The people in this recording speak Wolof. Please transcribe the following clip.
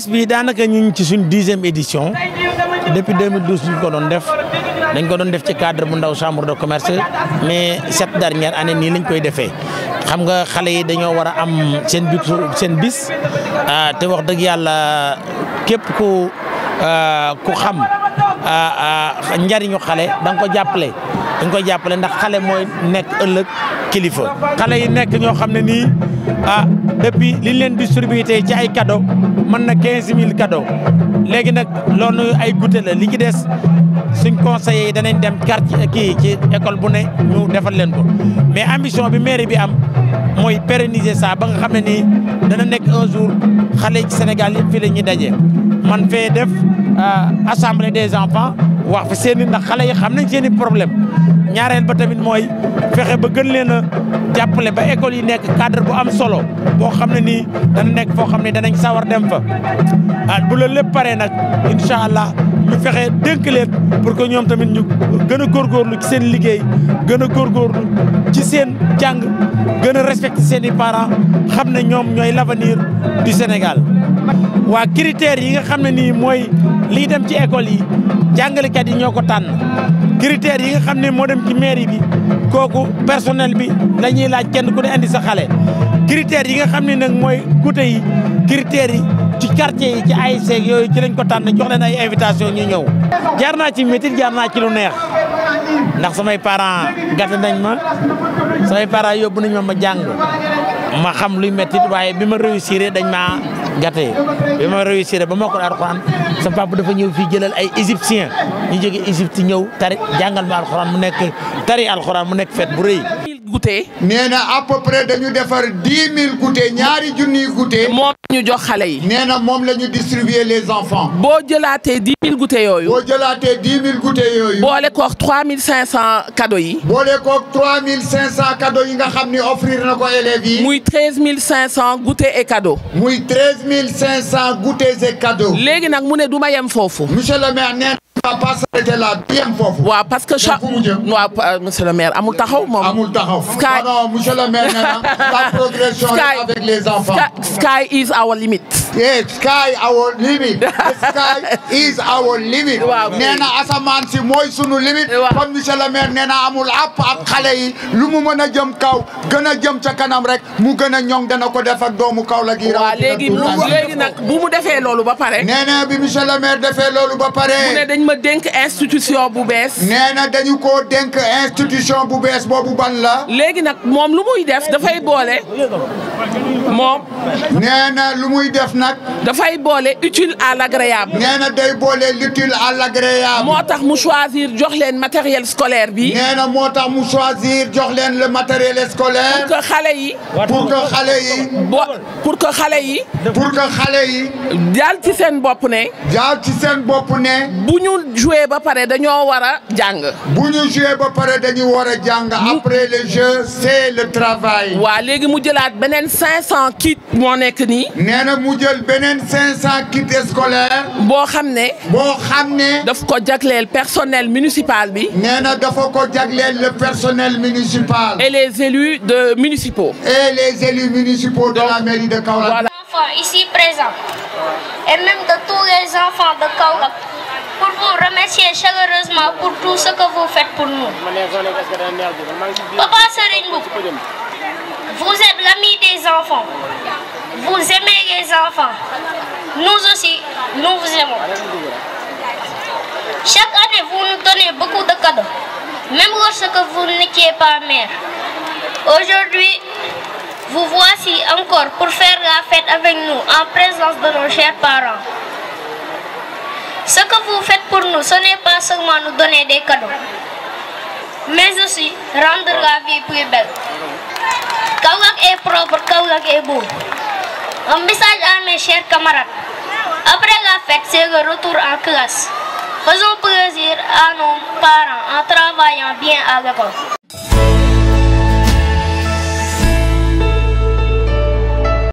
bis bi daanaka ñu ngi ci suñ dixième édition depuis 2012 ñu ko doon def dañ ko doon def ci cadre bu ndaw chambre de commerce mais cette dernière année nii lañ koy defee xam nga xale yi dañoo war a am seen bis seen bis ah, te wax dëgg yàlla képp ku ah, ku xam ah, njariñu xale da nga ko jàppale da ko jàppale ndax xale mooy nekk ëllëg. kilifa xale yi nekk ñoo xam ne nii ah depuis li leen bi distribué tey ci ay cadeau mën na 15000 cadeau léegi nag loolu ay goûter la li ci des suñ conseillers yi danañ dem quartier kii ci école bu ne ñu defal leen ko mais ambition bi mairie bi am mooy pérenniser ça ba nga xam ne nii dana nekk un jour xale ci Sénégal yëpp fii la ñuy man fee def ah, assemblée des enfants wax fi seen i ndax xale yi xam nañ seen problème ñaareel ba tamit mooy fexe ba gën leen a jàppale ba école yi nekk cadre bu am solo boo xam ne nii dana nekk foo xam ne danañ sawar dem fa ah bu la lépp paree nag incha allah ñu fexe dénk leen pour que ñoom tamit ñu gën a góorgóorlu ci seen liggéey gën a góorgóorlu ci seen jàng gën a respecté seen i parents xam ne ñoom ñooy l'avenir du Sénégal. waa critères yi nga xam ne nii mooy liy dem ci école yi. jàngalekat yi ñoo ko tànn critères yi nga xam ne moo dem ci mairie bi kooku personnel bi lañuy laaj kenn ku ne andi sa xale critères yi nga xam ne nag mooy goûter yi critères yi ci quartier yi ci ASC yooyu ci lañ ko tànn jox leen ay invitation ñu ñëw jaar naa ci métit jaar naa ci lu neex ndax samay parent gàtt nañ ma samay parents yóbbu nañu ma ma jàng ma xam luy métti waaye bi ma réussir dañ maa gàttee bi ma réussir ba ma ko alxuraan sa papa dafa ñëw fii jëlal ay égyptien ñu jóge Égypte ñëw tari jàngal ma alxuraan mu nekk tari alxuraan mu nekk fête bu rëy. goûter. nee na à peu près dañu defar dix mille goûter ñaari junniy goûter. moom la ñu jox xale yi. nee na moom la ñu distribuer les enfants. boo jëlaatee dix mille goûter yooyu. boo jëlaatee dix mille goûter yooyu. boole trois mille cinq cent cadeaux yi. boole koog trois mille cinq cent cadeaux yi nga xam ni offrir na ko élèves yi. muy treize mille cinq cent goûter et cadeaux. muy treize mille cinq cent goûter et léegi nag mu ne du ma yem foofu. monsieur le maire nee na était là bien foofu. waaw parce que a waaw monsieur le maire amul taxaw moom. amul taxaw ah la progression est avec les enfants. sky is our limit. yes sky our asamaan si mooy sunu limite. kon monsieur le maire nee na amul àpp ak xale yi lu mu mën a jëm kaw gën a jëm ca kanam rek mu gën a ñoŋ dana ko def ak doomu kaw la. waaw léegi léegi bu mu defee loolu ba pare. nee na bi monsieur le maire defee loolu ba pare. mu ne dañ ma dénk institution bu bees. nee na dañu koo dénk institution bu bees boobu ban la. léegi nag moom lu muy def dafay boole moom. nee na lu muy def nag. dafay boole utile à l'agréable. nee na day boole l'utile à l'agréable. moo tax mu choisir jox leen matériel scolaire bi. nee moo tax mu choisir jox leen le matériel scolaire. pour que xale yi. pour que xale yi. bo pour que xale yi. pour yi. daal ci seen bopp ne. daal ci seen bopp ne. bu ñu joué ba ba pare dañoo war a jàng. bu ñu joué ba pare dañu war a jàng après le jeu c'est le travail. waa léegi mu jëlaat beneen 500 kit moo nekk nii. nee na mu jël beneen 500 kit scolaire. boo xam ne. boo xam ne. daf ko jagleel personnel municipal bi. nee na dafa ko jagleel le personnel municipal. et les élus de municipaux. et les élus municipaux de la mairie de Kaolack. vous remercier chaleureusement pour tout ce que vous faites pour nous. Papa Serigne vous êtes l'ami des enfants. Vous aimez les enfants. Nous aussi, nous vous aimons. Chaque année, vous nous donnez beaucoup de cadeaux, même lorsque vous n'étiez pas mère. Aujourd'hui, vous voici encore pour faire la fête avec nous en présence de nos chers parents. vous faites pour nous, mais aussi rendre la vie plus belle. Kaolack est propre, Kaolack est beau. Un message à mes chers camarades. Après la fête, c'est le retour en classe. Faisons plaisir à nos parents en travaillant bien à l'école.